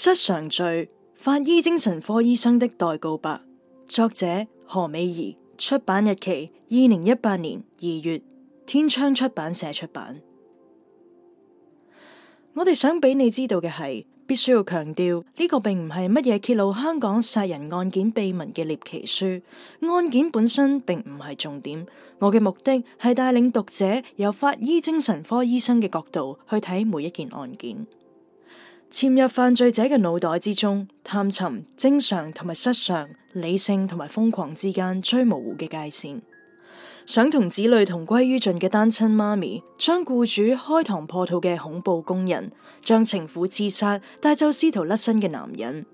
失常罪：法醫精神科醫生的代告白，作者何美怡，出版日期二零一八年二月，天窗出版社出版。 我哋想俾你知道嘅係，必須要強調呢、這個並唔係乜嘢揭露香港殺人案件秘密嘅獵奇書，案件本身並唔係重點。我嘅目的係帶領讀者由法醫精神科醫生嘅角度去睇每一件案件。潛入犯罪者嘅腦袋之中，探尋正常同埋失常、理性同埋瘋狂之間最模糊嘅界線。想同子女同歸於盡嘅單親媽咪，將僱主開膛破肚嘅恐怖工人，將情婦刺殺、帶走試圖甩身嘅男人。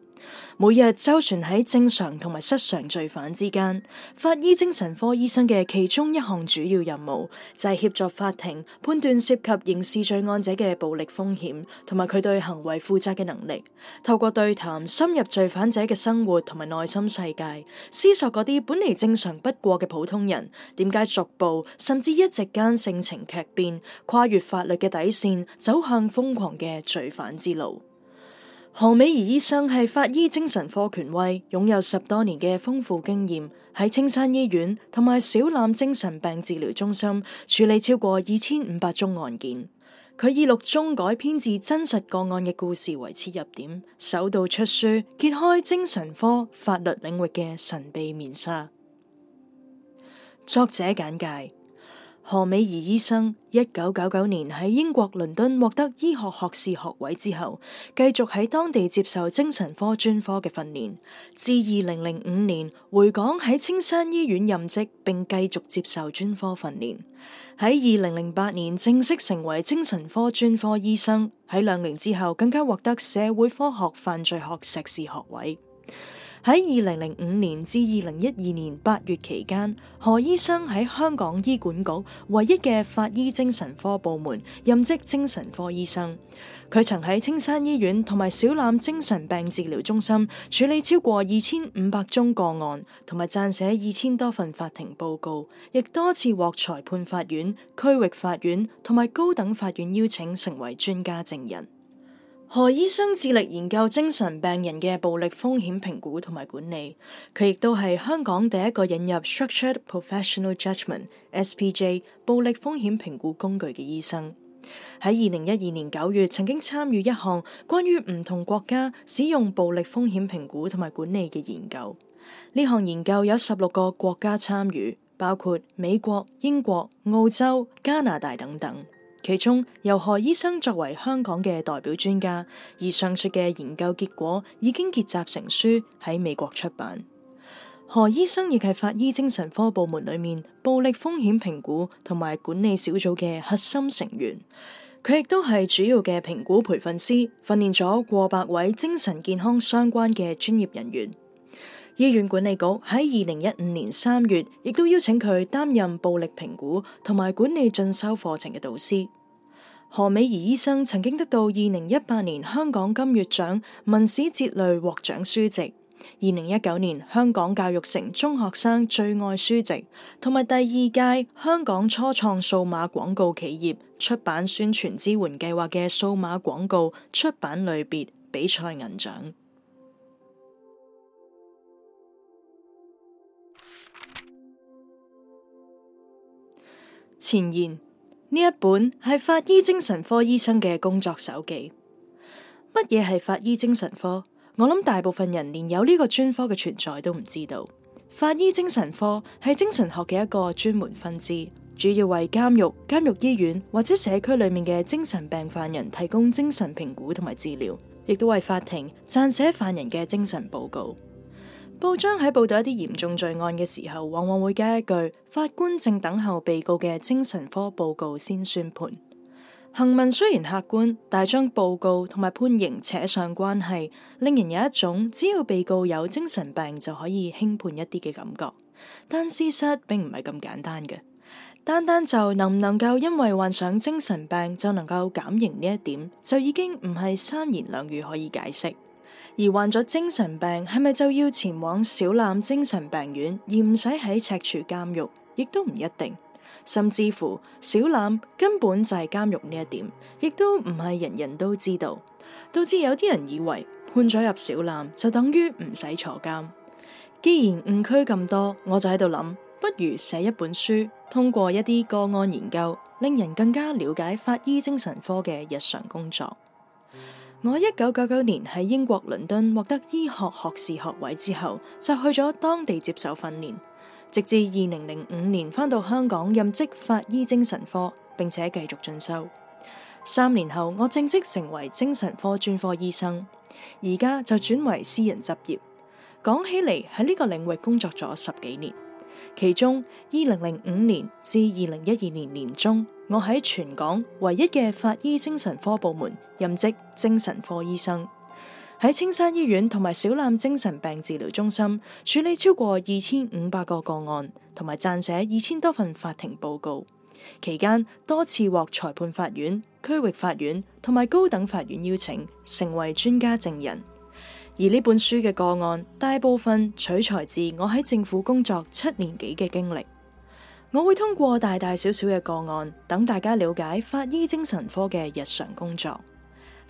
每日周旋喺正常同埋失常罪犯之間，法醫精神科醫生嘅其中一項主要任務就係、是、協助法庭判斷涉，涉及刑事罪案者嘅暴力風險同埋佢對行為負責嘅能力。透過對談，深入罪犯者嘅生活同埋內心世界，思索嗰啲本嚟正常不過嘅普通人，點解逐步甚至一夕間性情劇變，跨越法律嘅底線，走向瘋狂嘅罪犯之路。何美怡醫生係法醫精神科權威，擁有十多年嘅豐富經驗，喺青山醫院同埋小欖精神病治療中心處理超過二千五百宗案件。佢以六宗改編自真實個案嘅故事為切入點，首度出書揭開精神科法律領域嘅神秘面紗。作者簡介。何美怡醫生一九九九年喺英國倫敦獲得醫學學士學位之後，繼續喺當地接受精神科專科嘅訓練，至二零零五年回港喺青山醫院任職，並繼續接受專科訓練。喺二零零八年正式成為精神科專科醫生，喺兩年之後更加獲得社會科學犯罪學碩士學位。喺二零零五年至二零一二年八月期間，何醫生喺香港醫管局唯一嘅法醫精神科部門任職精神科醫生。佢曾喺青山醫院同埋小欖精神病治療中心處理超過二千五百宗個案，同埋撰寫二千多份法庭報告，亦多次獲裁裁判法院、區域法院同埋高等法院邀請成為專家證人。何醫生致力研究精神病人嘅暴力風險評估同埋管理，佢亦都係香港第一個引入 Structured Professional Judgment（SPJ） 暴力風險評估工具嘅醫生。喺二零一二年九月，曾經參與一項關於唔同國家使用暴力風險評估同埋管理嘅研究。呢項研究有十六個國家參與，包括美國、英國、澳洲、加拿大等等。其中由何醫生作為香港嘅代表專家，而上述嘅研究結果已經結集成書喺美國出版。何醫生亦係法醫精神科部門裏面暴力風險評估同埋管理小組嘅核心成員，佢亦都係主要嘅評估培訓師，訓練咗過百位精神健康相關嘅專業人員。醫院管理局喺二零一五年三月，亦都邀請佢擔任暴力評估同埋管理進修課程嘅導師。何美怡醫生曾經得到二零一八年香港金月獎文史哲類獲獎書籍，二零一九年香港教育城中學生最愛書籍，同埋第二屆香港初創數碼廣告企業出版宣傳支援計劃嘅數碼廣告出版類別比賽銀獎。前言，呢一本係法醫精神科醫生嘅工作手記。乜嘢係法醫精神科？我諗大部分人連有呢個專科嘅存在都唔知道。法醫精神科係精神學嘅一個專門分支，主要為監獄、監獄醫院或者社區裏面嘅精神病犯人提供精神評估同埋治療，亦都為法庭撰寫犯人嘅精神報告。報章喺報道一啲嚴重罪案嘅時候，往往會加一句：法官正等候被告嘅精神科報告先宣判。行文雖然客觀，但將報告同埋判刑扯上關係，令人有一種只要被告有精神病就可以輕判一啲嘅感覺。但事實並唔係咁簡單嘅，單單就能唔能夠因為患上精神病就能夠減刑呢一點，就已經唔係三言兩語可以解釋。而患咗精神病，係咪就要前往小欖精神病院，而唔使喺赤柱監獄？亦都唔一定。甚至乎小欖根本就係監獄呢一點，亦都唔係人人都知道，導致有啲人以為判咗入小欖就等於唔使坐監。既然誤區咁多，我就喺度諗，不如寫一本書，通過一啲個案研究，令人更加了解法醫精神科嘅日常工作。我一九九九年喺英國倫敦獲得醫學學士學位之後，就去咗當地接受訓練，直至二零零五年返到香港任職法醫精神科，並且繼續進修。三年後，我正式成為精神科專科醫生，而家就轉為私人執業。講起嚟，喺呢個領域工作咗十幾年。其中，二零零五年至二零一二年年中，我喺全港唯一嘅法醫精神科部門任職精神科醫生，喺青山醫院同埋小欖精神病治療中心處理超過二千五百個個案，同埋撰寫二千多份法庭報告。期間多次獲裁，裁判法院、區域法院同埋高等法院邀請成為專家證人。而呢本書嘅個案，大部分取材自我喺政府工作七年幾嘅經歷。我會通過大大小小嘅個案，等大家了解法醫精神科嘅日常工作，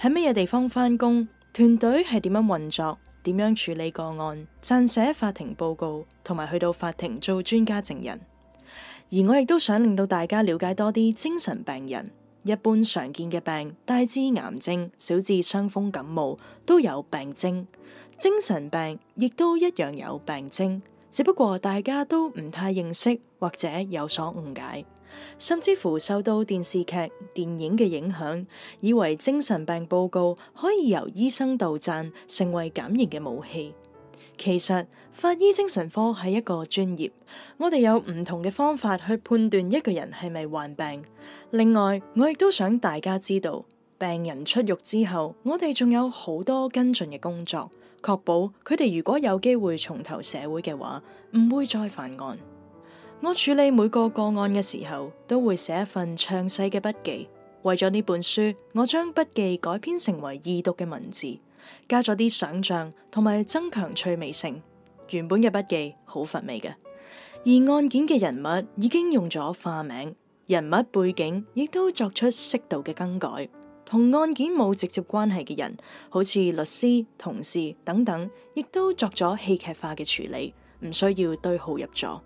喺乜嘢地方返工，團隊係點樣運作，點樣處理個案，撰寫法庭報告，同埋去到法庭做專家證人。而我亦都想令到大家了解多啲精神病人。一般常見嘅病，大至癌症，小至傷風感冒，都有病徵；精神病亦都一樣有病徵，只不過大家都唔太認識或者有所誤解，甚至乎受到電視劇、電影嘅影響，以為精神病報告可以由醫生杜撰，成為減刑嘅武器。其實法醫精神科係一個專業，我哋有唔同嘅方法去判斷一個人係咪患病。另外，我亦都想大家知道，病人出獄之後，我哋仲有好多跟進嘅工作，確保佢哋如果有機會重投社會嘅話，唔會再犯案。我處理每個個案嘅時候，都會寫一份詳細嘅筆記。為咗呢本書，我將筆記改編成為易讀嘅文字。加咗啲想象同埋增強趣味性，原本嘅筆記好乏味嘅。而案件嘅人物已經用咗化名，人物背景亦都作出適度嘅更改。同案件冇直接關係嘅人，好似律師、同事等等，亦都作咗戲劇化嘅處理，唔需要對號入座。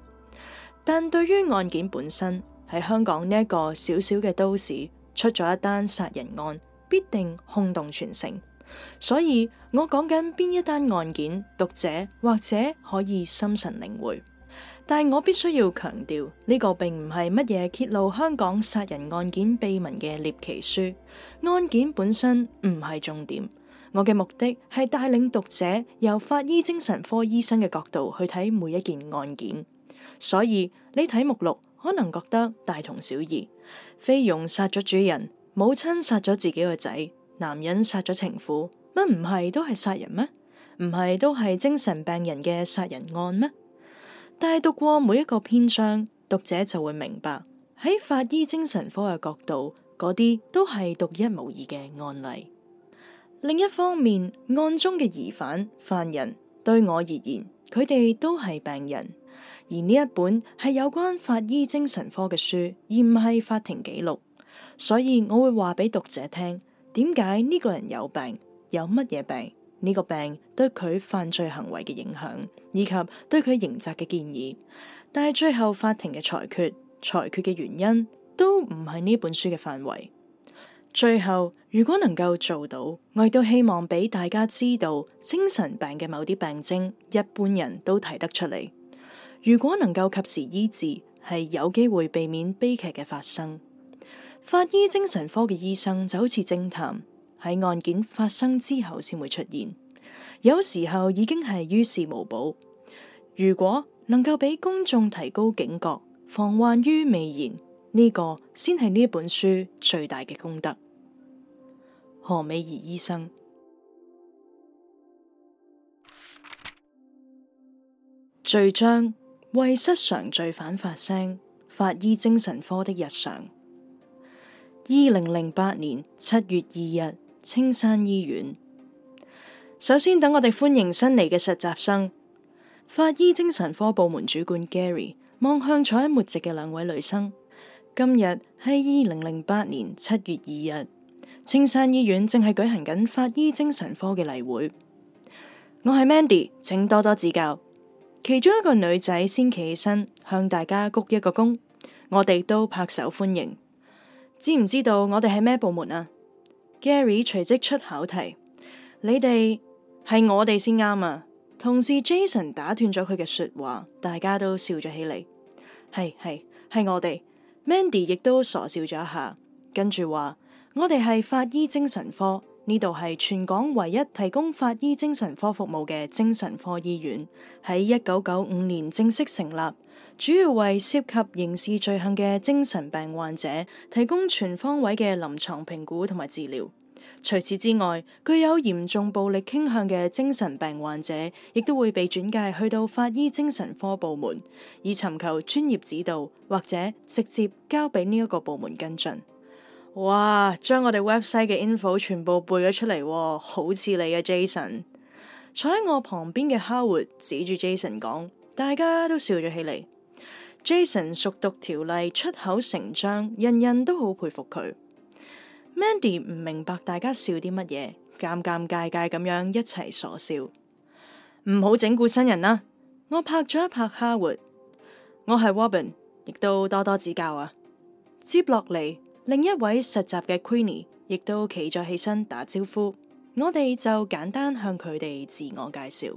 但對於案件本身，喺香港呢一個小小嘅都市出咗一單殺人案，必定轟動全城。所以我講緊邊一單案件，讀者或者可以心神領會。但我必須要強調，呢個並唔係乜嘢揭露香港殺人案件秘聞嘅獵奇書，案件本身唔係重點。我嘅目的係帶領讀者由法醫精神科醫生嘅角度去睇每一件案件。所以你睇目錄可能覺得大同小異，菲傭殺咗主人，母親殺咗自己個仔。男人殺咗情婦，乜唔係都係殺人咩？唔係都係精神病人嘅殺人案咩？但係讀過每一個篇章，讀者就會明白，喺法醫精神科嘅角度，嗰啲都係獨一無二嘅案例。另一方面，案中嘅疑犯、犯人對我而言，佢哋都係病人。而呢一本係有關法醫精神科嘅書，而唔係法庭記錄，所以我會話俾讀者聽。點解呢個人有病？有乜嘢病？呢個病對佢犯罪行為嘅影響，以及對佢刑責嘅建議。但係最後法庭嘅裁決、裁決嘅原因都唔係呢本書嘅範圍。最後，如果能夠做到，我亦都希望俾大家知道，精神病嘅某啲病徵，一般人都睇得出嚟。如果能夠及時醫治，係有機會避免悲劇嘅發生。法醫精神科嘅醫生就好似偵探，喺案件發生之後先會出現，有時候已經係於事無補。如果能夠俾公眾提高警覺，防患於未然，呢個先係呢本書最大嘅功德。何美怡醫生，序章為失常罪犯發聲，法醫精神科的日常。二零零八年七月二日，青山醫院。首先，等我哋歡迎新嚟嘅實習生，法醫精神科部門主管 Gary 望向坐喺末席嘅兩位女生。今日係二零零八年七月二日，青山醫院正係舉行緊法醫精神科嘅例會。我係 Mandy，請多多指教。其中一個女仔先企起身向大家鞠一個躬，我哋都拍手歡迎。知唔知道我哋係咩部門啊？Gary 隨即出考題：你哋係我哋先啱啊！同事 Jason 打斷咗佢嘅說話，大家都笑咗起嚟。係係係我哋，Mandy 亦都傻笑咗一下，跟住話：我哋係法醫精神科，呢度係全港唯一提供法醫精神科服務嘅精神科醫院，喺一九九五年正式成立。主要為涉及刑事罪行嘅精神病患者提供全方位嘅臨床評估同埋治療。除此之外，具有嚴重暴力傾向嘅精神病患者亦都會被轉介去到法醫精神科部門，以尋求專業指導，或者直接交俾呢一個部門跟進。哇！將我哋 website 嘅 info 全部背咗出嚟，好似你啊 Jason，坐喺我旁邊嘅 Howard 指住 Jason 講，大家都笑咗起嚟。Jason 熟讀條例，出口成章，人人都好佩服佢。Mandy 唔明白大家笑啲乜嘢，尷尷尬尬咁樣一齊傻笑。唔好整蠱新人啦！我拍咗一拍 Howard。我係 Robin，亦都多多指教啊。接落嚟，另一位實習嘅 Queenie 亦都企咗起身打招呼，我哋就簡單向佢哋自我介紹。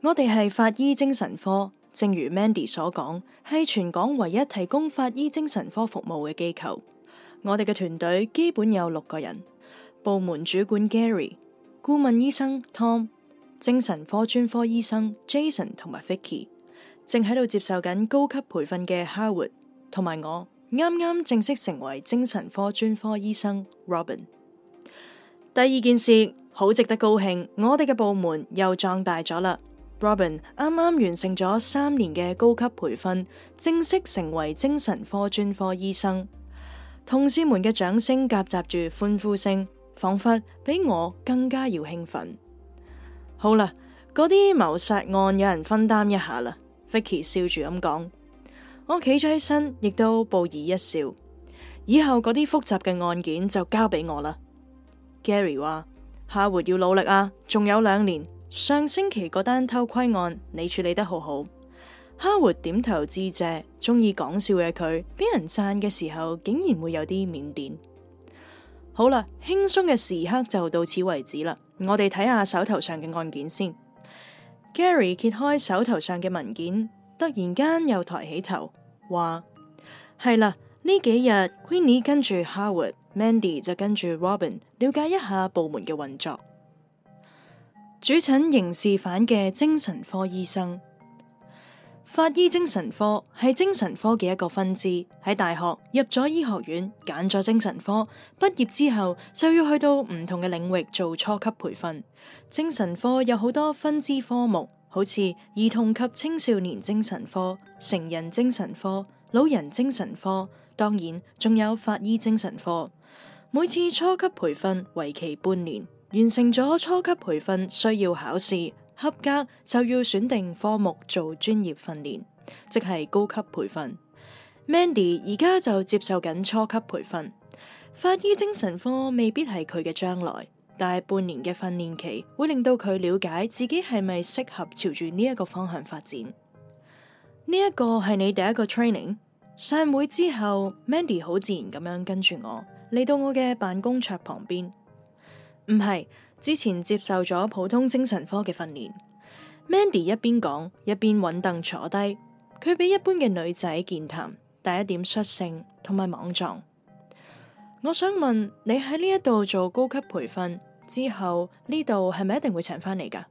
我哋係法醫精神科。正如 Mandy 所講，係全港唯一提供法醫精神科服務嘅機構。我哋嘅團隊基本有六個人，部門主管 Gary、顧問醫生 Tom、精神科專科醫生 Jason 同埋 Vicky。正喺度接受緊高級培訓嘅 Howard 同埋我，啱啱正式成為精神科專科醫生 Robin。第二件事好值得高興，我哋嘅部門又壯大咗啦。Robin 啱啱完成咗三年嘅高級培訓，正式成為精神科專科醫生。同事們嘅掌聲夾雜住歡呼聲，仿佛比我更加要興奮。好啦，嗰啲謀殺案有人分擔一下啦。Vicky 笑住咁講，我企咗起身，亦都報以一笑。以後嗰啲複雜嘅案件就交俾我啦。Gary 話：下回要努力啊，仲有兩年。上星期嗰單偷窺案，你處理得好好。Howard 點頭致謝，中意講笑嘅佢，俾人讚嘅時候，竟然會有啲腼腆。好啦，輕鬆嘅時刻就到此為止啦。我哋睇下手頭上嘅案件先。Gary 揭開手頭上嘅文件，突然間又抬起頭，話：係啦，呢幾日 Queenie 跟住 Howard，Mandy 就跟住 Robin，了解一下部門嘅運作。主診刑事犯嘅精神科醫生，法醫精神科係精神科嘅一個分支。喺大學入咗醫學院，揀咗精神科，畢業之後就要去到唔同嘅領域做初級培訓。精神科有好多分支科目，好似兒童及青少年精神科、成人精神科、老人精神科，當然仲有法醫精神科。每次初級培訓為期半年。完成咗初級培訓，需要考試，合格就要選定科目做專業訓練，即係高級培訓。Mandy 而家就接受緊初級培訓，法醫精神科未必係佢嘅將來，但係半年嘅訓練期會令到佢了解自己係咪適合朝住呢一個方向發展。呢一個係你第一個 training。散會之後，Mandy 好自然咁樣跟住我嚟，到我嘅辦公桌旁邊。唔係，之前接受咗普通精神科嘅訓練。Mandy 一邊講一邊揾凳坐低。佢比一般嘅女仔健談，帶一點率性同埋莽撞。我想問你喺呢一度做高級培訓之後，呢度係咪一定會請翻你噶？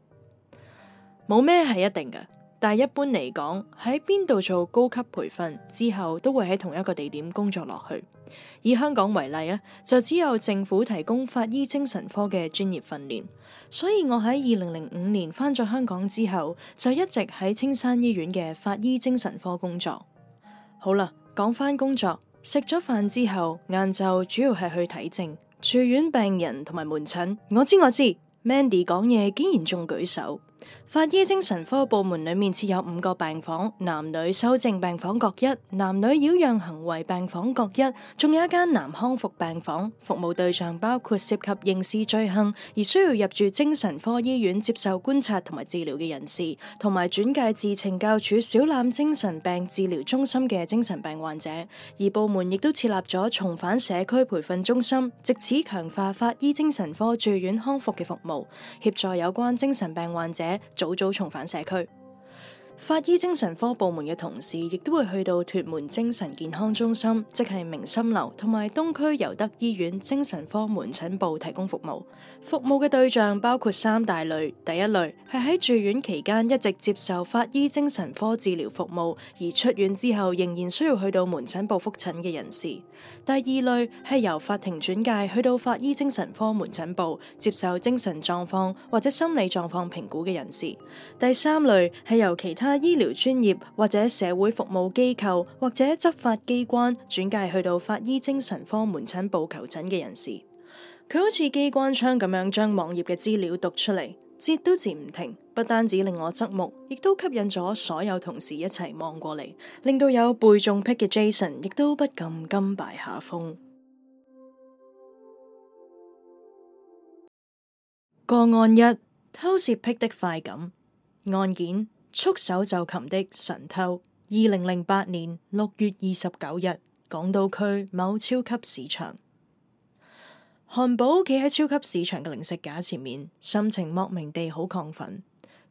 冇咩係一定噶。但一般嚟講，喺邊度做高級培訓之後，都會喺同一個地點工作落去。以香港為例啊，就只有政府提供法醫精神科嘅專業訓練。所以我喺二零零五年翻咗香港之後，就一直喺青山醫院嘅法醫精神科工作。好啦，講翻工作，食咗飯之後，晏晝主要係去睇症、住院病人同埋門診。我知我知，Mandy 講嘢竟然仲舉手。法醫精神科部門裏面設有五個病房，男女修正病房各一，男女擾攘行為病房各一，仲有一間男康復病房。服務對象包括涉及刑事罪行而需要入住精神科醫院接受觀察同埋治療嘅人士，同埋轉介至懲教署小欖精神病治療中心嘅精神病患者。而部門亦都設立咗重返社區培訓中心，借此強化法醫精神科住院康復嘅服務，協助有關精神病患者。早早重返社區，法醫精神科部門嘅同事亦都會去到屯門精神健康中心，即係明心樓，同埋東區尤德醫院精神科門診部提供服務。服務嘅對象包括三大類：第一類係喺住院期間一直接受法醫精神科治療服務，而出院之後仍然需要去到門診部複診嘅人士；第二類係由法庭轉介去到法醫精神科門診部接受精神狀況或者心理狀況評估嘅人士；第三類係由其他醫療專業或者社會服務機構或者執法機關轉介去到法醫精神科門診部求診嘅人士。佢好似機關槍咁樣將網頁嘅資料讀出嚟，截都截唔停，不單止令我側目，亦都吸引咗所有同事一齊望過嚟，令到有背中癖嘅 Jason 亦都不禁甘拜下風。個案一：偷竊癖的快感。案件：束手就擒的神偷，二零零八年六月二十九日，港島區某超級市場。韓堡企喺超級市場嘅零食架前面，心情莫名地好亢奮。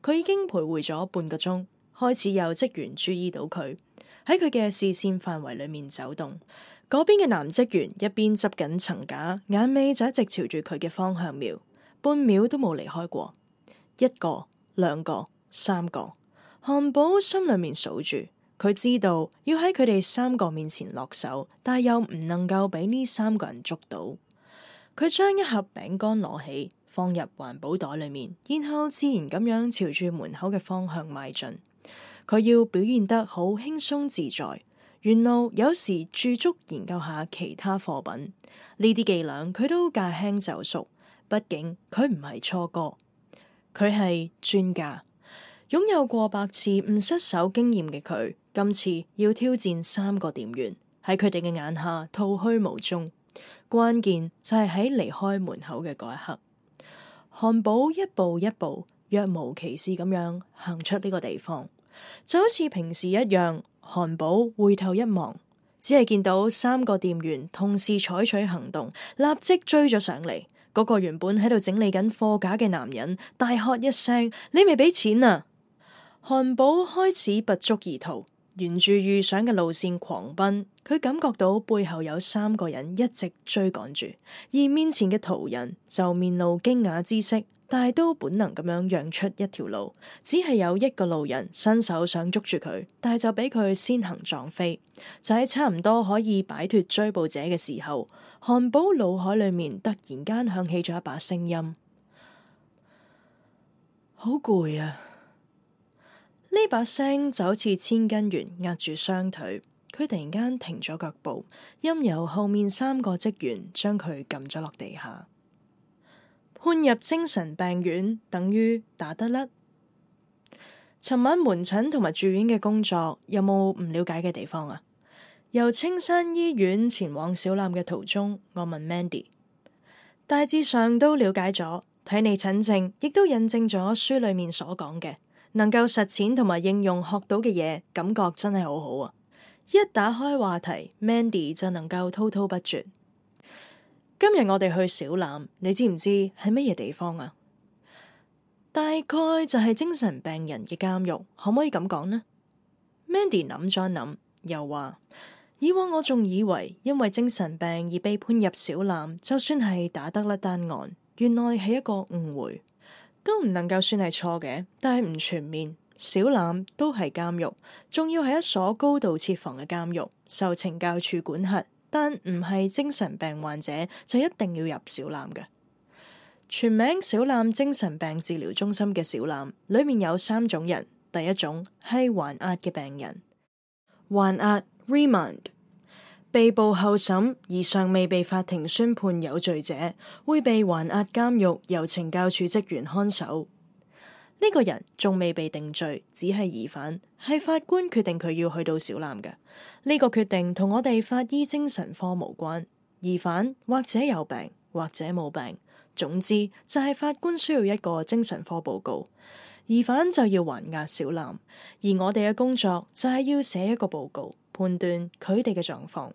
佢已經徘徊咗半個鐘，開始有職員注意到佢喺佢嘅視線範圍裏面走動。嗰邊嘅男職員一邊執緊層架，眼尾就一直朝住佢嘅方向瞄，半秒都冇離開過。一個、兩個、三個，韓堡心裏面數住，佢知道要喺佢哋三個面前落手，但又唔能夠俾呢三個人捉到。佢將一盒餅乾攞起，放入環保袋裏面，然後自然咁樣朝住門口嘅方向邁進。佢要表現得好輕鬆自在，沿路有時駐足研究下其他貨品。呢啲伎倆佢都駕輕就熟，畢竟佢唔係初哥，佢係專家，擁有過百次唔失手經驗嘅佢，今次要挑戰三個店員，喺佢哋嘅眼下，吐虛無蹤。關鍵就係喺離開門口嘅嗰一刻，漢堡一步一步若無其事咁樣行出呢個地方，就好似平時一樣。漢堡回頭一望，只係見到三個店員同時採取行動，立即追咗上嚟。嗰個原本喺度整理緊貨架嘅男人，大喝一聲：你未俾錢啊！漢堡開始拔足而逃。沿住預想嘅路線狂奔，佢感覺到背後有三個人一直追趕住，而面前嘅途人就面露驚訝之色，但係都本能咁樣讓出一條路，只係有一個路人伸手想捉住佢，但係就俾佢先行撞飛。就喺差唔多可以擺脫追捕者嘅時候，漢堡腦海裏面突然間響起咗一把聲音：好攰啊！呢把聲就好似千斤弦壓住雙腿，佢突然間停咗腳步，任由後面三個職員將佢撳咗落地下，判入精神病院等於打得甩。尋晚門診同埋住院嘅工作有冇唔了解嘅地方啊？由青山醫院前往小欖嘅途中，我問 Mandy，大致上都了解咗，睇你診症亦都印證咗書裏面所講嘅，能夠實踐同埋應用學到嘅嘢，感覺真係好好啊！一打開話題，Mandy 就能夠滔滔不絕。今日我哋去小欖，你知唔知係乜嘢地方啊？大概就係精神病人嘅監獄，可唔可以咁講呢？Mandy 諗咗諗，又話：以往我仲以為因為精神病而被判入小欖，就算係打得甩單案，原來係一個誤會。都唔能夠算係錯嘅，但係唔全面。小欖都係監獄，仲要係一所高度設防嘅監獄，受懲教處管轄，但唔係精神病患者就一定要入小欖嘅。全名小欖精神病治療中心嘅小欖，裏面有三種人，第一種係還押嘅病人，還押 remand。Rem 被捕候審而尚未被法庭宣判有罪者，會被還押監獄，由懲教處職員看守。呢個人仲未被定罪，只係疑犯，係法官決定佢要去到小欖嘅。呢個決定同我哋法醫精神科無關。疑犯或者有病或者冇病，總之就係法官需要一個精神科報告。疑犯就要還押小欖，而我哋嘅工作就係要寫一個報告，判斷佢哋嘅狀況。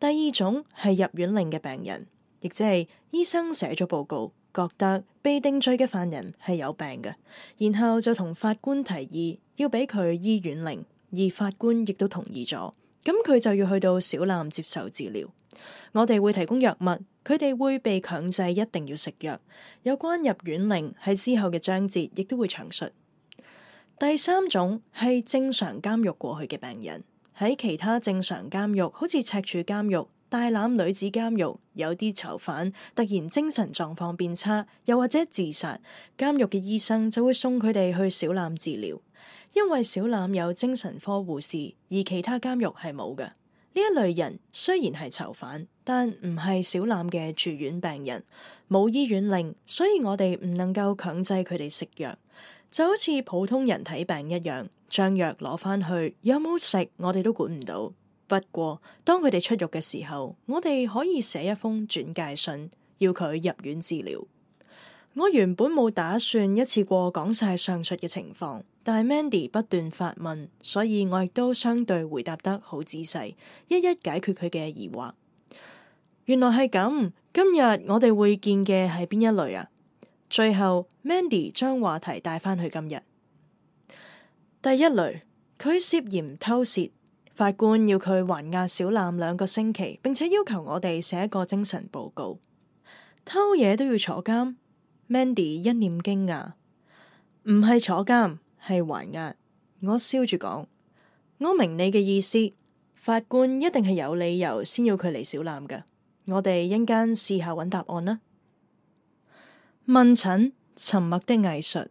第二種係入院令嘅病人，亦即係醫生寫咗報告，覺得被定罪嘅犯人係有病嘅，然後就同法官提議要俾佢醫院令，而法官亦都同意咗，咁佢就要去到小欖接受治療。我哋會提供藥物，佢哋會被強制一定要食藥。有關入院令喺之後嘅章節亦都會詳述。第三種係正常監獄過去嘅病人。喺其他正常監獄，好似赤柱監獄、大欖女子監獄，有啲囚犯突然精神狀況變差，又或者自殺，監獄嘅醫生就會送佢哋去小欖治療，因為小欖有精神科護士，而其他監獄係冇嘅。呢一類人雖然係囚犯，但唔係小欖嘅住院病人，冇醫院令，所以我哋唔能夠強制佢哋食藥，就好似普通人睇病一樣。將藥攞返去有冇食，我哋都管唔到。不過當佢哋出獄嘅時候，我哋可以寫一封轉介信，要佢入院治療。我原本冇打算一次過講晒上述嘅情況，但係 Mandy 不斷發問，所以我亦都相對回答得好仔細，一一解決佢嘅疑惑。原來係咁，今日我哋會見嘅係邊一類啊？最後 Mandy 將話題帶返去今日。第一類佢涉嫌偷竊，法官要佢還押小欖兩個星期，並且要求我哋寫一個精神報告。偷嘢都要坐監？Mandy 一臉驚訝，唔係坐監係還押。我笑住講，我明你嘅意思，法官一定係有理由先要佢嚟小欖㗎。我哋一陣間試下揾答案啦。問診，沉默的藝術，二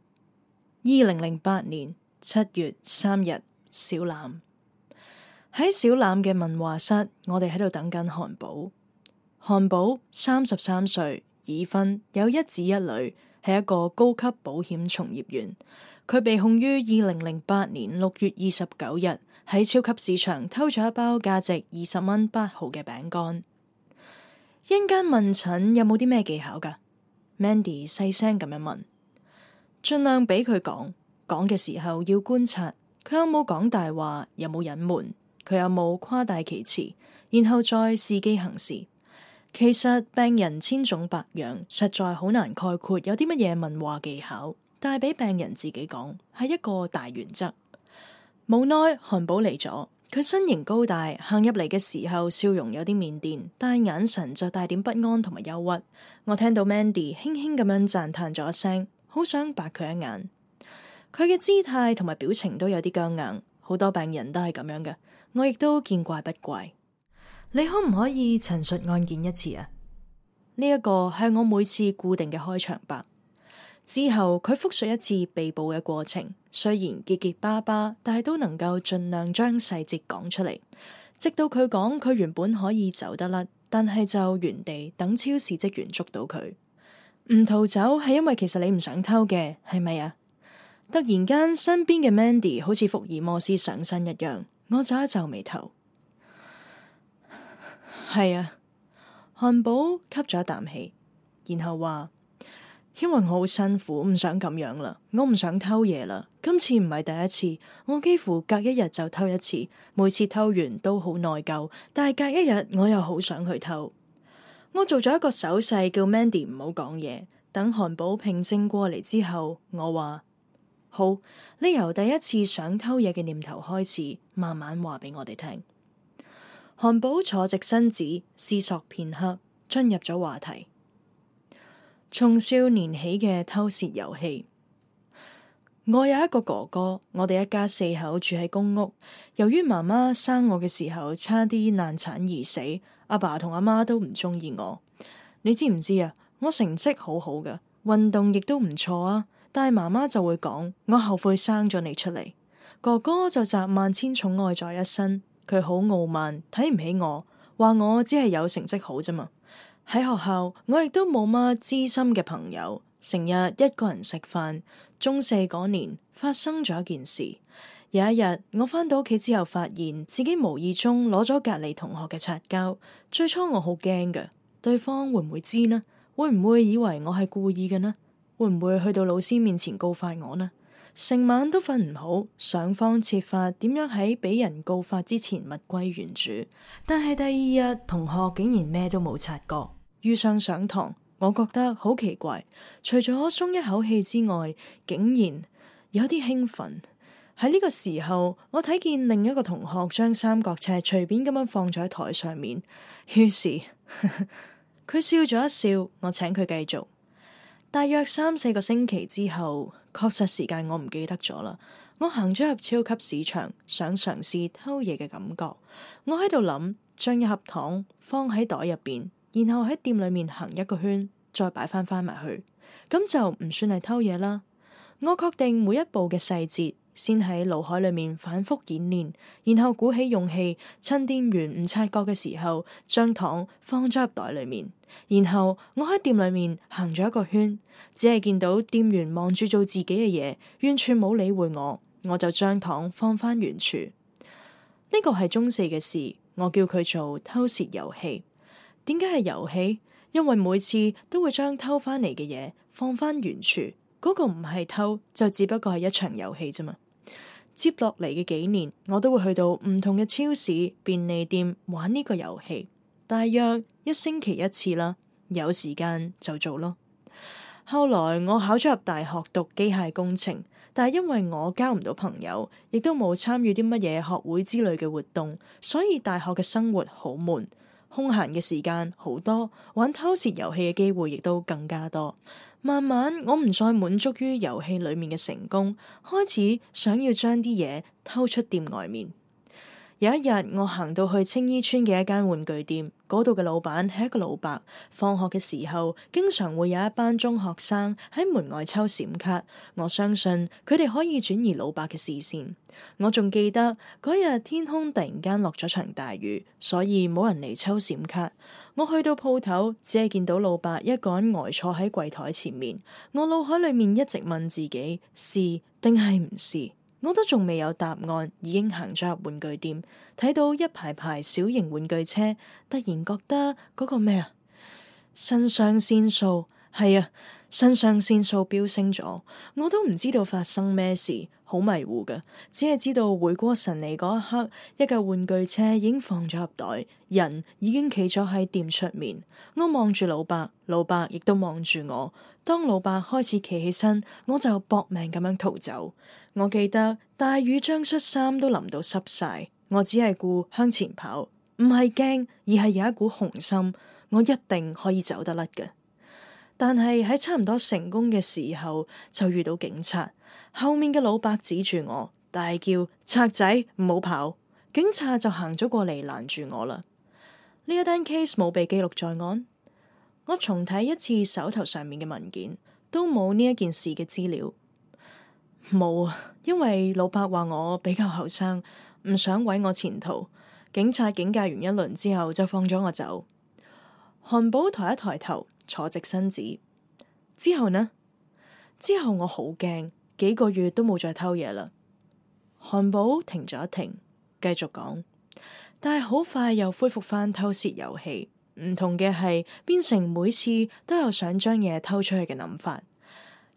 零零八年。七月三日，小欖，喺小欖嘅文化室，我哋喺度等緊韓寶。韓寶三十三歲，已婚，有一子一女，係一個高級保險從業員。佢被控於二零零八年六月二十九日喺超級市場偷咗一包價值二十蚊八毫嘅餅乾。一陣間問診有冇啲咩技巧㗎？Mandy 細聲咁樣問，盡量俾佢講。講嘅時候要觀察佢有冇講大話，有冇隱瞞，佢有冇誇大其詞，然後再伺機行事。其實病人千種百樣，實在好難概括，有啲乜嘢問話技巧，但係俾病人自己講係一個大原則。無奈漢堡嚟咗，佢身形高大，行入嚟嘅時候笑容有啲靦腆，但眼神就帶點不安同埋憂鬱。我聽到 Mandy 輕輕咁樣讚嘆咗一聲，好想白佢一眼。佢嘅姿態同埋表情都有啲僵硬，好多病人都係咁樣嘅，我亦都見怪不怪。你可唔可以陳述案件一次啊？呢一個係我每次固定嘅開場白。之後，佢複述一次被捕嘅過程，雖然結結巴巴，但係都能夠盡量將細節講出嚟。直到佢講佢原本可以走得甩，但係就原地等超市職員捉到佢。唔逃走係因為其實你唔想偷嘅，係咪啊？突然間，身邊嘅 Mandy 好似福爾摩斯上身一樣，我皺一皺眉頭。係啊，漢堡吸咗一啖氣，然後話：因為我好辛苦，唔想咁樣啦，我唔想偷嘢啦。今次唔係第一次，我幾乎隔一日就偷一次，每次偷完都好內疚，但係隔一日我又好想去偷。我做咗一個手勢，叫 Mandy 唔好講嘢。等漢堡平靜過嚟之後，我話。好，你由第一次想偷嘢嘅念頭開始，慢慢話畀我哋聽。韓寶坐直身子，思索片刻，進入咗話題。從少年起嘅偷竊遊戲，我有一個哥哥，我哋一家四口住喺公屋。由於媽媽生我嘅時候差啲難產而死，阿爸同阿媽都唔鍾意我。你知唔知啊？我成績好好㗎，運動亦都唔錯啊！但係媽媽就會講，我後悔生咗你出嚟。哥哥就集萬千寵愛在一身，佢好傲慢，睇唔起我，話我只係有成績好啫嘛。喺學校，我亦都冇乜知心嘅朋友，成日一個人食飯。中四嗰年發生咗一件事，有一日我返到屋企之後，發現自己無意中攞咗隔離同學嘅擦膠。最初我好驚嘅，對方會唔會知呢？會唔會以為我係故意嘅呢？會唔會去到老師面前告發我呢？成晚都瞓唔好，想方設法點樣喺俾人告發之前物歸原主。但係第二日同學竟然咩都冇察覺，遇上上堂，我覺得好奇怪，除咗鬆一口氣之外，竟然有啲興奮。喺呢個時候，我睇見另一個同學將三角尺隨便咁樣放咗喺台上面，於是佢笑咗一笑，我請佢繼續。大約三四個星期之後，確實時間我唔記得咗啦。我行咗入超級市場，想嘗試偷嘢嘅感覺。我喺度諗，將一盒糖放喺袋入邊，然後喺店裏面行一個圈，再擺翻翻埋去，咁就唔算係偷嘢啦。我確定每一步嘅細節。先喺腦海裏面反覆演練，然後鼓起勇氣，趁店員唔察覺嘅時候，將糖放咗入袋裏面。然後我喺店裏面行咗一個圈，只係見到店員望住做自己嘅嘢，完全冇理會我，我就將糖放返原處。呢個係中四嘅事，我叫佢做偷竊遊戲。點解係遊戲？因為每次都會將偷翻嚟嘅嘢放返原處，嗰個唔係偷，就只不過係一場遊戲啫嘛。接落嚟嘅幾年，我都會去到唔同嘅超市、便利店玩呢個遊戲，大約一星期一次啦。有時間就做咯。後來我考咗入大學讀機械工程，但係因為我交唔到朋友，亦都冇參與啲乜嘢學會之類嘅活動，所以大學嘅生活好悶，空閒嘅時間好多，玩偷竊遊戲嘅機會亦都更加多。慢慢，我唔再滿足於遊戲裏面嘅成功，開始想要將啲嘢偷出店外面。有一日，我行到去青衣村嘅一間玩具店，嗰度嘅老闆係一個老伯。放學嘅時候，經常會有一班中學生喺門外抽閃卡。我相信佢哋可以轉移老伯嘅視線。我仲記得嗰日天，天空突然間落咗場大雨，所以冇人嚟抽閃卡。我去到鋪頭，只係見到老伯一個人呆坐喺櫃檯前面。我腦海裏面一直問自己：試定係唔試？我都仲未有答案，已經行咗入玩具店，睇到一排排小型玩具車，突然覺得嗰個咩啊？腎上腺素係啊，腎上腺素飆升咗，我都唔知道發生咩事，好迷糊噶，只係知道回過神嚟嗰一刻，一架玩具車已經放咗入袋，人已經企咗喺店出面，我望住老伯，老伯亦都望住我。當老伯開始企起身，我就搏命咁樣逃走。我記得大雨將恤衫都淋到濕晒，我只係顧向前跑，唔係驚，而係有一股雄心，我一定可以走得甩嘅。但係喺差唔多成功嘅時候，就遇到警察，後面嘅老伯指住我，大叫：賊仔，唔好跑！警察就行咗過嚟攔住我啦。呢一單 case 冇被記錄在案。我重睇一次手頭上面嘅文件，都冇呢一件事嘅資料。冇啊，因為老伯話我比較後生，唔想毀我前途。警察警戒完一輪之後，就放咗我走。韓寶抬一抬頭，坐直身子，之後呢？之後我好驚，幾個月都冇再偷嘢啦。韓寶停咗一停，繼續講，但係好快又恢復翻偷竊遊戲。唔同嘅係，變成每次都有想將嘢偷出去嘅諗法。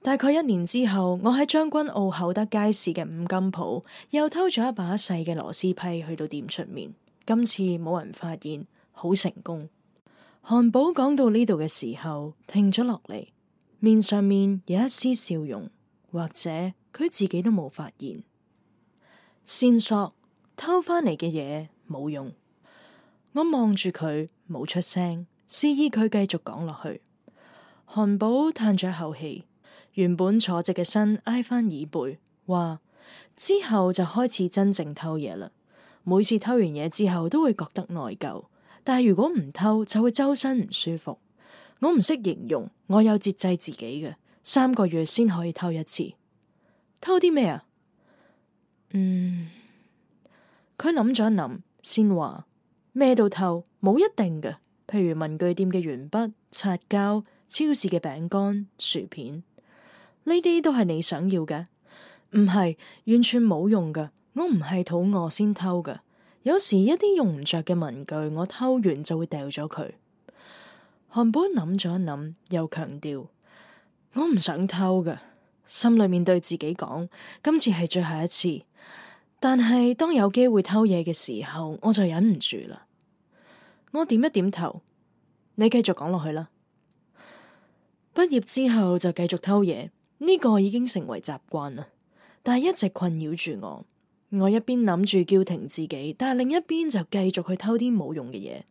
大概一年之後，我喺將軍澳厚德街市嘅五金鋪又偷咗一把細嘅螺絲批，去到店出面。今次冇人發現，好成功。韓寶講到呢度嘅時候停咗落嚟，面上面有一絲笑容，或者佢自己都冇發現線索。偷翻嚟嘅嘢冇用，我望住佢。冇出聲，示意佢繼續講落去。韓寶嘆咗一口氣，原本坐直嘅身挨返椅背，話之後就開始真正偷嘢啦。每次偷完嘢之後都會覺得內疚，但係如果唔偷就會周身唔舒服。我唔識形容，我有節制自己嘅，三個月先可以偷一次。偷啲咩啊？嗯，佢諗咗諗，先話咩都偷。冇一定嘅，譬如文具店嘅鉛筆、擦膠，超市嘅餅乾、薯片，呢啲都係你想要嘅？唔係完全冇用嘅。我唔係肚餓先偷嘅，有時一啲用唔着嘅文具，我偷完就會掉咗佢。韓本諗咗一諗，又強調我唔想偷嘅，心裏面對自己講，今次係最後一次。但係當有機會偷嘢嘅時候，我就忍唔住啦。我點一點頭，你繼續講落去啦。畢業之後就繼續偷嘢，呢個已經成為習慣啦，但係一直困擾住我。我一邊諗住叫停自己，但係另一邊就繼續去偷啲冇用嘅嘢，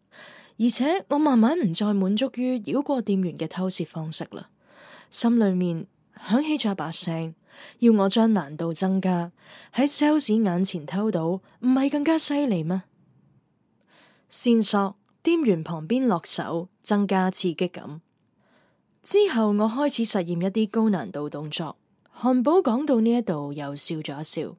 而且我慢慢唔再滿足於繞過店員嘅偷竊方式啦。心裏面響起咗一把聲，要我將難度增加，喺 sales 眼前偷到，唔係更加犀利嗎？線索。店員旁邊落手，增加刺激感。之後我開始實驗一啲高難度動作。漢堡講到呢一度，又笑咗一笑。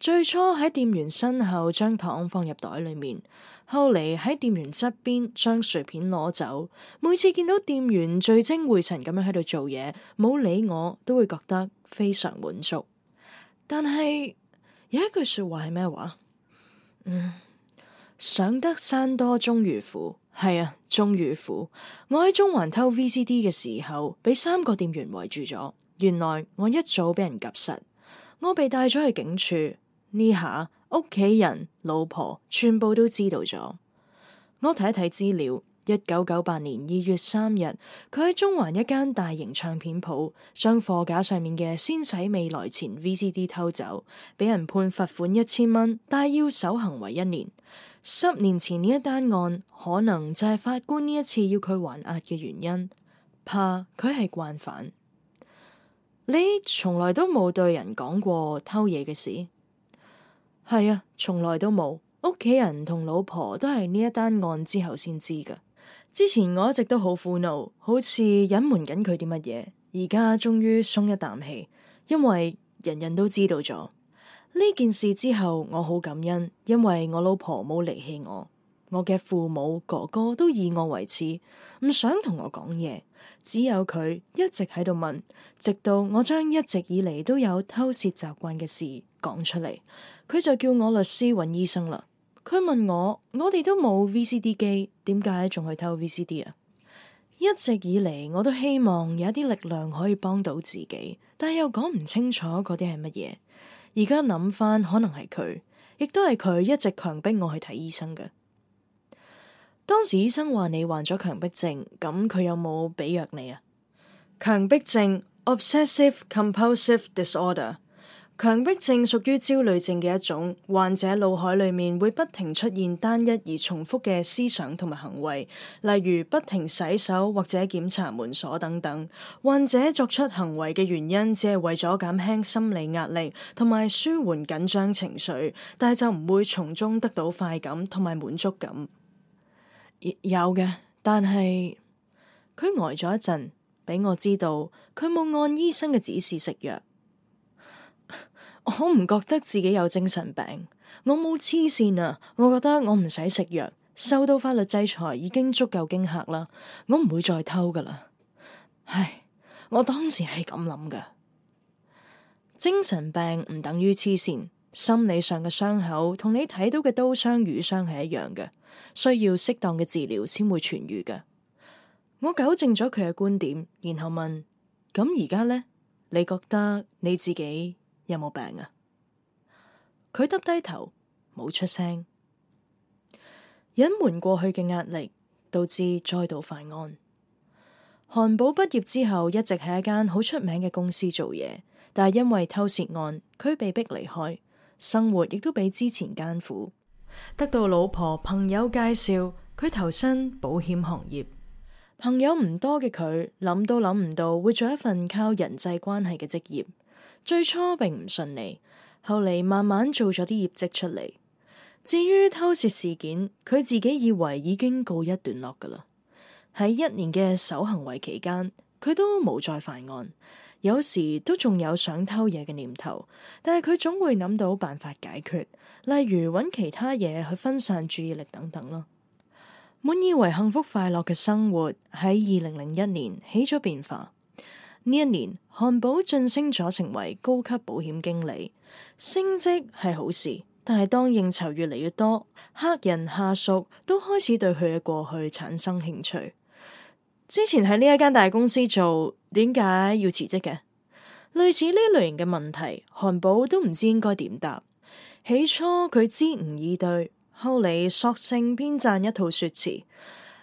最初喺店員身後將糖放入袋裏面，後嚟喺店員側邊將碎片攞走。每次見到店員聚精會神咁樣喺度做嘢，冇理我，都會覺得非常滿足。但係有一句說話係咩話？嗯。上得山多終遇虎，係啊，終遇虎。我喺中環偷 VCD 嘅時候，俾三個店員圍住咗。原來我一早俾人夾實，我被帶咗去警署。呢下，屋企人、老婆全部都知道咗。我睇一睇資料，一九九八年二月三日，佢喺中環一間大型唱片鋪，將貨架上面嘅《先使未來前》VCD 偷走，俾人判罰款一千蚊，但係要守行為一年。十年前呢一單案可能就係法官呢一次要佢還押嘅原因，怕佢係慣犯。你從來都冇對人講過偷嘢嘅事？係啊，從來都冇。屋企人同老婆都係呢一單案之後先知㗎。之前我一直都好苦惱，好似隱瞞緊佢啲乜嘢，而家終於鬆一啖氣，因為人人都知道咗。呢件事之後，我好感恩，因為我老婆冇離棄我，我嘅父母、哥哥都以我為恥，唔想同我講嘢，只有佢一直喺度問，直到我將一直以嚟都有偷竊習慣嘅事講出嚟，佢就叫我律師揾醫生啦。佢問我，我哋都冇 VCD 機，點解仲去偷 VCD 啊？一直以嚟，我都希望有一啲力量可以幫到自己，但係又講唔清楚嗰啲係乜嘢。而家諗翻，可能係佢，亦都係佢一直強迫我去睇醫生嘅。當時醫生話你患咗強迫症，咁佢有冇俾藥你啊？強迫症 （obsessive-compulsive disorder）。Obs 強迫症屬於焦慮症嘅一種，患者腦海裏面會不停出現單一而重複嘅思想同埋行為，例如不停洗手或者檢查門鎖等等。患者作出行為嘅原因，只係為咗減輕心理壓力同埋舒緩緊張情緒，但係就唔會從中得到快感同埋滿足感。有嘅，但係佢呆咗一陣，俾我知道佢冇按醫生嘅指示食藥。我好唔覺得自己有精神病，我冇黐線啊！我覺得我唔使食藥，受到法律制裁已經足夠驚嚇啦。我唔會再偷噶啦。唉，我當時係咁諗噶。精神病唔等於黐線，心理上嘅傷口同你睇到嘅刀傷、瘀傷係一樣嘅，需要適當嘅治療先會痊愈㗎。我糾正咗佢嘅觀點，然後問：咁而家呢？你覺得你自己？有冇病啊？佢耷低頭，冇出聲。隱瞞過去嘅壓力，導致再度犯案。韓寶畢業之後，一直喺一間好出名嘅公司做嘢，但係因為偷竊案，佢被迫離開，生活亦都比之前艱苦。得到老婆朋友介紹，佢投身保險行業。朋友唔多嘅佢諗都諗唔到，會做一份靠人際關係嘅職業。最初並唔順利，後嚟慢慢做咗啲業績出嚟。至於偷竊事件，佢自己以為已經告一段落噶啦。喺一年嘅守行為期間，佢都冇再犯案，有時都仲有想偷嘢嘅念頭，但係佢總會諗到辦法解決，例如揾其他嘢去分散注意力等等囉。滿以為幸福快樂嘅生活喺二零零一年起咗變化。呢一年，韓堡晉升咗成為高級保險經理，升職係好事。但係當應酬越嚟越多，客人下屬都開始對佢嘅過去產生興趣。之前喺呢一間大公司做，點解要辭職嘅？類似呢類型嘅問題，韓堡都唔知應該點答。起初佢支吾以對，後嚟索性編撰一套說辭。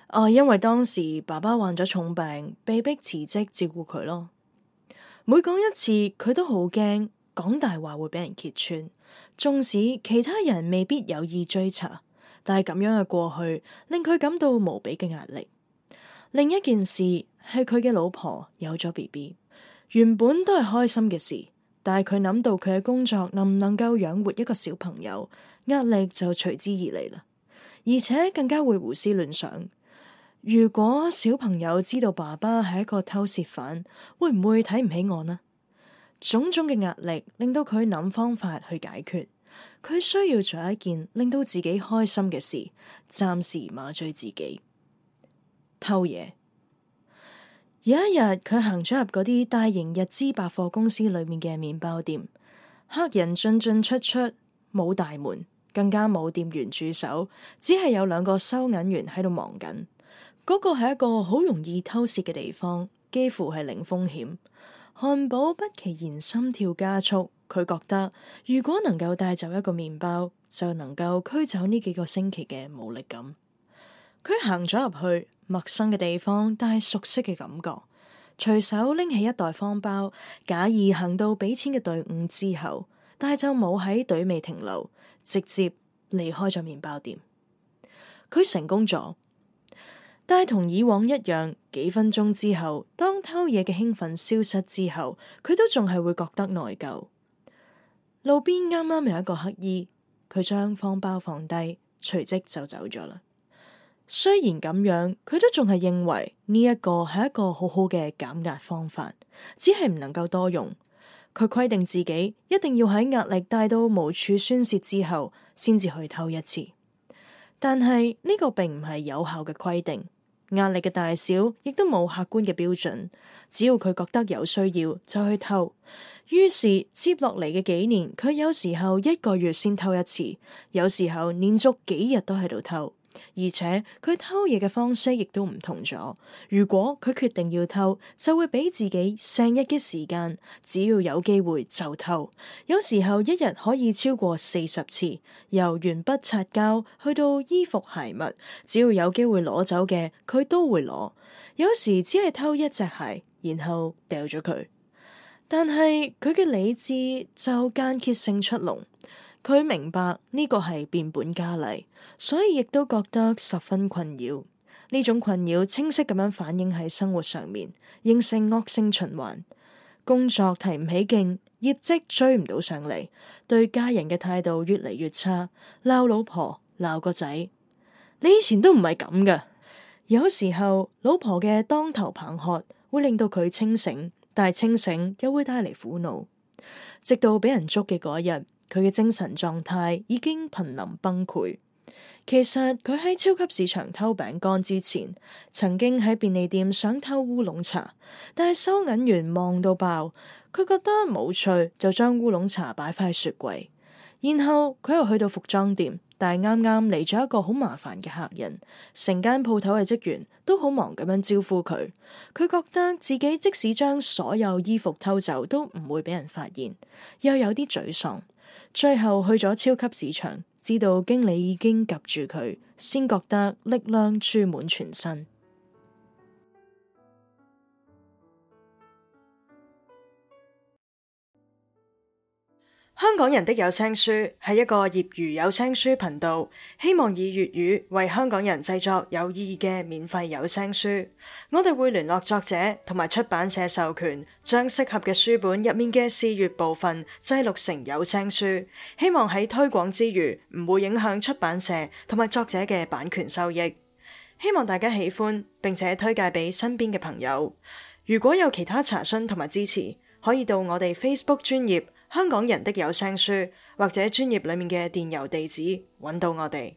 啊、哦，因為當時爸爸患咗重病，被迫辭職照顧佢咯。每講一次，佢都好驚講大話會俾人揭穿。縱使其他人未必有意追查，但係咁樣嘅過去令佢感到無比嘅壓力。另一件事係佢嘅老婆有咗 BB，原本都係開心嘅事，但係佢諗到佢嘅工作能唔能夠養活一個小朋友，壓力就隨之而嚟啦。而且更加會胡思亂想。如果小朋友知道爸爸係一個偷竊犯，會唔會睇唔起我呢？種種嘅壓力令到佢諗方法去解決，佢需要做一件令到自己開心嘅事，暫時麻醉自己偷嘢。有一日，佢行咗入嗰啲大型日資百貨公司裏面嘅麵包店，客人進進出出，冇大門，更加冇店員駐守，只係有兩個收銀員喺度忙緊。嗰個係一個好容易偷竊嘅地方，幾乎係零風險。漢堡不其然心跳加速，佢覺得如果能夠帶走一個麵包，就能夠驅走呢幾個星期嘅無力感。佢行咗入去陌生嘅地方，帶熟悉嘅感覺。隨手拎起一袋方包，假意行到畀錢嘅隊伍之後，但就冇喺隊尾停留，直接離開咗麵包店。佢成功咗。但係同以往一樣，幾分鐘之後，當偷嘢嘅興奮消失之後，佢都仲係會覺得內疚。路邊啱啱有一個乞衣，佢將方包放低，隨即就走咗啦。雖然咁樣，佢都仲係認為呢一個係一個好好嘅減壓方法，只係唔能夠多用。佢規定自己一定要喺壓力大到無處宣洩之後，先至去偷一次。但係呢個並唔係有效嘅規定。壓力嘅大小亦都冇客觀嘅標準，只要佢覺得有需要就去偷。於是接落嚟嘅幾年，佢有時候一個月先偷一次，有時候連續幾日都喺度偷。而且佢偷嘢嘅方式亦都唔同咗。如果佢決定要偷，就會俾自己成日嘅時間，只要有機會就偷。有時候一日可以超過四十次，由鉛筆擦膠去到衣服鞋襪，只要有機會攞走嘅，佢都會攞。有時只係偷一隻鞋，然後掉咗佢。但係佢嘅理智就間歇性出籠。佢明白呢個係變本加厲，所以亦都覺得十分困擾。呢種困擾清晰咁樣反映喺生活上面，形成惡性循環。工作提唔起勁，業績追唔到上嚟，對家人嘅態度越嚟越差，鬧老婆，鬧個仔。你以前都唔係咁㗎。有時候老婆嘅當頭棒喝會令到佢清醒，但係清醒又會帶嚟苦惱，直到俾人捉嘅嗰日。佢嘅精神狀態已經瀕臨崩潰。其實佢喺超級市場偷餅乾之前，曾經喺便利店想偷烏龍茶，但係收銀員望到爆，佢覺得冇趣，就將烏龍茶擺翻喺雪櫃。然後佢又去到服裝店，但係啱啱嚟咗一個好麻煩嘅客人，成間鋪頭嘅職員都好忙咁樣招呼佢。佢覺得自己即使將所有衣服偷走，都唔會俾人發現，又有啲沮喪。最後去咗超級市場，知道經理已經及住佢，先覺得力量注滿全身。香港人的有聲書係一個業餘有聲書頻道，希望以粵語為香港人製作有意義嘅免費有聲書。我哋會聯絡作者同埋出版社授權，將適合嘅書本入面嘅試閱部分製錄成有聲書，希望喺推廣之餘唔會影響出版社同埋作者嘅版權收益。希望大家喜歡，並且推介俾身邊嘅朋友。如果有其他查詢同埋支持，可以到我哋 Facebook 專頁。香港人的有聲書或者專頁裡面嘅電郵地址，揾到我哋。